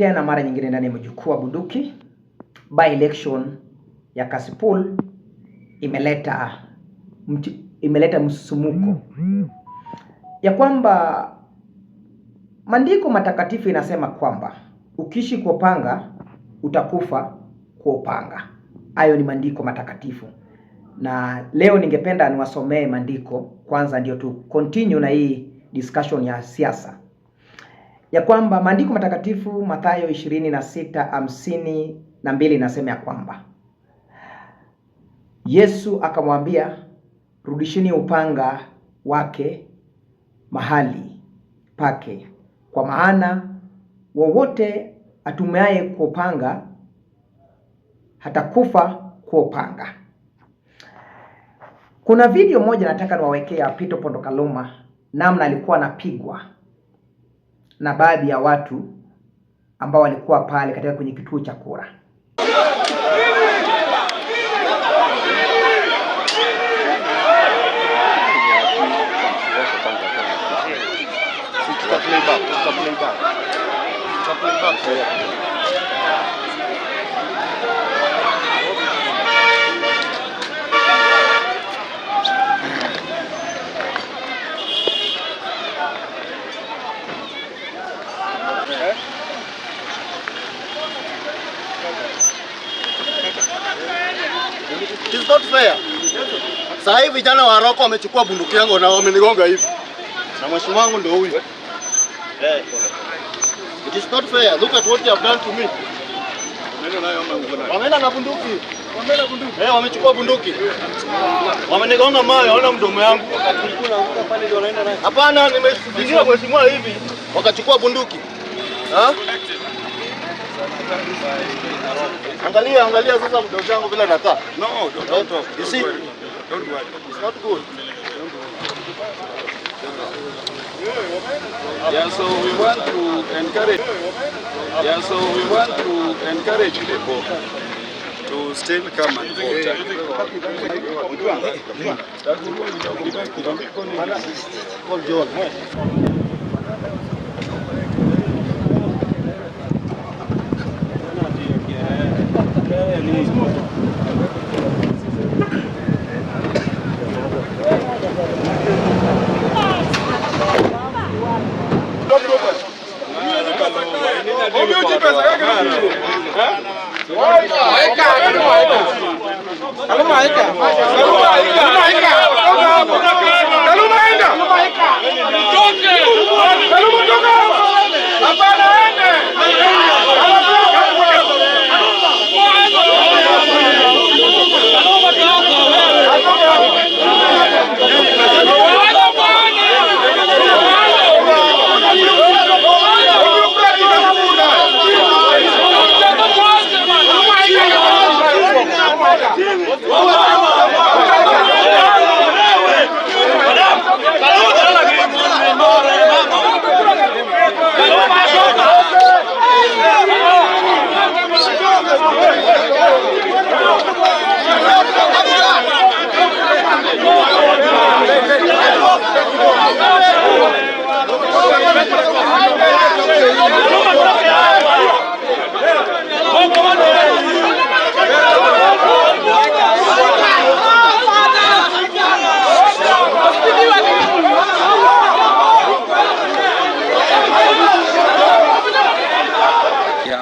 tena mara nyingine ndani ya Mjukuu wa Bunduki. By election ya Kasipul imeleta imeleta msumuko ya kwamba maandiko matakatifu inasema kwamba ukiishi kwa upanga utakufa kwa upanga. Hayo ni maandiko matakatifu, na leo ningependa niwasomee maandiko kwanza, ndio tu continue na hii discussion ya siasa ya kwamba maandiko matakatifu Mathayo 26:52 na inasema ya kwamba Yesu akamwambia, rudishini upanga wake mahali pake, kwa maana wowote atumiaye kwa upanga hatakufa kwa upanga. Kuna video moja nataka niwawekea Pito Pondokaluma, namna alikuwa anapigwa na baadhi ya watu ambao walikuwa pale katika kwenye kituo cha kura. Sasa hivi vijana wa Roko wamechukua bunduki yangu na wamenigonga hivi, na mheshimiwa wangu ndio huyu. Eh, it is not fair. Look at what you have done to me. Wameenda na bunduki, wameenda bunduki. Eh, wamechukua bunduki, wamenigonga mayo, ona mdomo yangu. Hapana, nimezingira mheshimiwa hivi, wakachukua bunduki ha? Angalia, angalia sasa mdomo wangu bila nakaa. No, don't, don't. Eh, you see? Don't worry. It's not good. Yeah, so we want to encourage. Yeah, so we want to encourage people to still come and vote.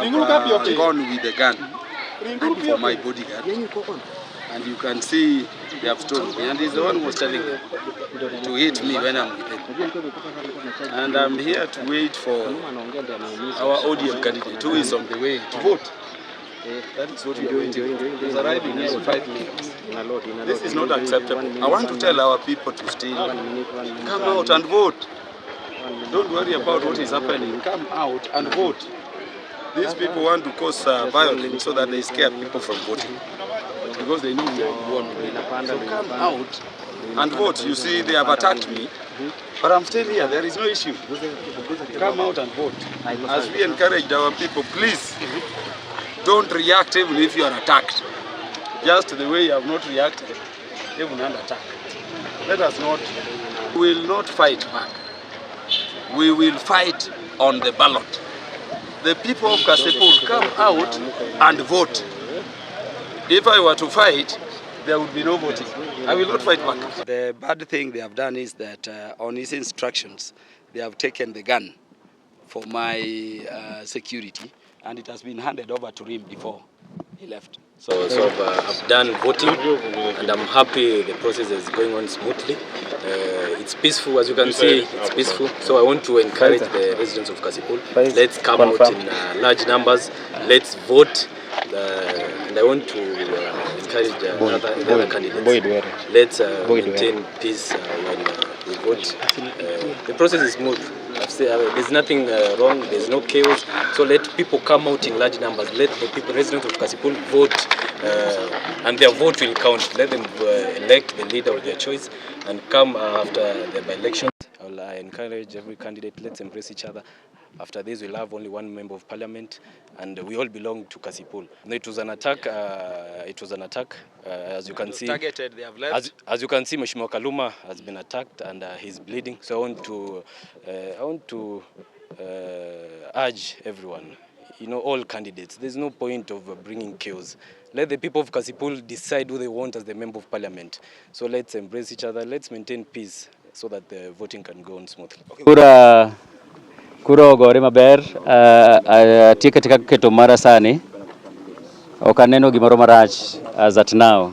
have uh, gone with the gun for my bodyguard. And you can see they have told me. And he's the one who was telling me to hit me when I'm with him. And I'm here to wait for our ODM candidate who is on the way to vote. That is what we're doing. He's arriving in five minutes. This is not acceptable. I want to tell our people to stay. come out and vote. Don't worry about what is happening. Come out and vote. These people want to cause uh, violence so that they scare people from voting because they know we are in war. So come out and vote. You see, they have attacked me, but I'm still here. There is no issue. Come out and vote. As we encourage our people, please don't react even if you are attacked. Just the way you have not reacted, even under attack. Let us not. We will not fight back. We will fight on the ballot the people of Kasipul come out and vote. If I were to fight, there would be no voting. I will not fight back. The bad thing they have done is that uh, on his instructions, they have taken the gun for my uh, security and it has been handed over to him before he left. So, so I've, uh, I've done voting and I'm happy the process is going on smoothly. Uh, it's peaceful as you can see it's peaceful so i want to encourage the residents of kasipul let's come out in uh, large numbers let's vote uh, and i want to uh, encourage uh, other, other candidates let's uh, maintain peace uh, when uh, we vote uh, the process is smooth uh, there's nothing uh, wrong there's no chaos so let people come out in large numbers let the people residents of kasipul vote uh, and their vote will count. Let them uh, elect the leader of their choice and come uh, after the by-election. I uh, encourage every candidate, let's embrace each other. After this, we'll have only one member of parliament and we all belong to Kasipul. It was an attack, uh, it was an attack. Uh, as you can see, targeted, they have left. As, as you can see, Mheshimiwa Kaluma has been attacked and uh, he's bleeding. So I want to, uh, I want to uh, urge everyone you know, all candidates. There's no point of uh, bringing chaos. Let the people of Kasipul decide who they want as the member of parliament. So let's embrace each other, let's maintain peace so that the voting can go on smoothly. Kura kura ogore maber uh, uh, ati katika keto mara sani Okaneno gimoro marach as at now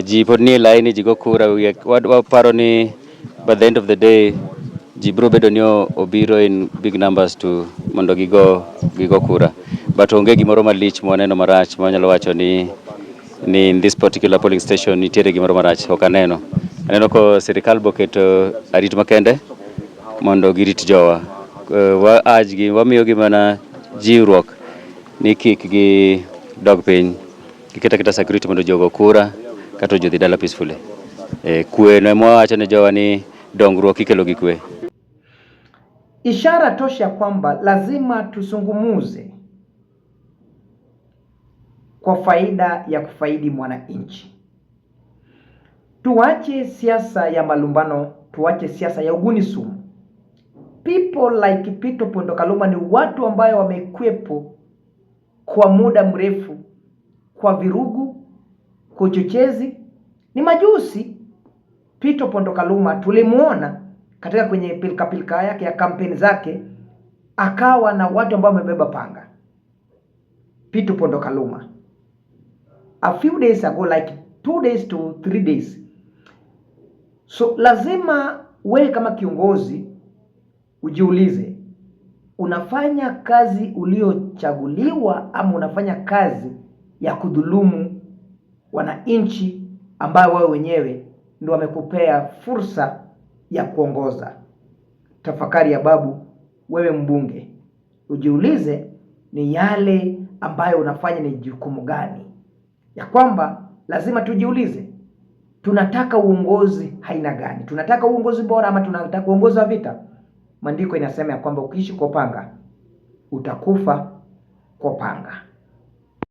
ji pod nie laini jigo go kura waparo ni by the end of the day ji biro bedo ni obiro in big numbers to mondo gigo, gigo kura but onge gimoro malich mwaneno marach mwanyalo wacho ni, ni in this particular polling station nitiere gimoro marach ok aneno aneno ko sirikal boketo arit makende mondo girit jowa uh, wa urge gi wamiyo gi mana jiwruok ni kik gi dog piny giketa keta security mondo jogo kura kata jodhi dala peacefully eh, kwe no emwawacho ne jowa ni dongruok ikelo gi kwe ishara tosha kwamba lazima tusungumuze kwa faida ya kufaidi mwananchi. Tuache siasa ya malumbano, tuache siasa ya uguni sumu. People like Pito Pondo Kaluma ni watu ambayo wamekwepo kwa muda mrefu kwa virugu, kwa uchochezi, ni majusi. Pito Pondo Kaluma tulimuona katika kwenye pilkapilka yake ya kampeni zake akawa na watu ambao wamebeba panga. Pitu Pondo Kaluma a few days ago like two days to three days. So lazima wewe kama kiongozi ujiulize, unafanya kazi uliochaguliwa ama unafanya kazi ya kudhulumu wananchi ambayo wewe wenyewe ndio wamekupea fursa ya kuongoza. Tafakari ya babu, wewe mbunge, ujiulize ni yale ambayo unafanya ni jukumu gani? Ya kwamba lazima tujiulize tunataka uongozi aina gani? Tunataka uongozi bora ama tunataka uongozi wa vita? Maandiko inasema ya kwamba ukiishi kwa upanga utakufa kwa panga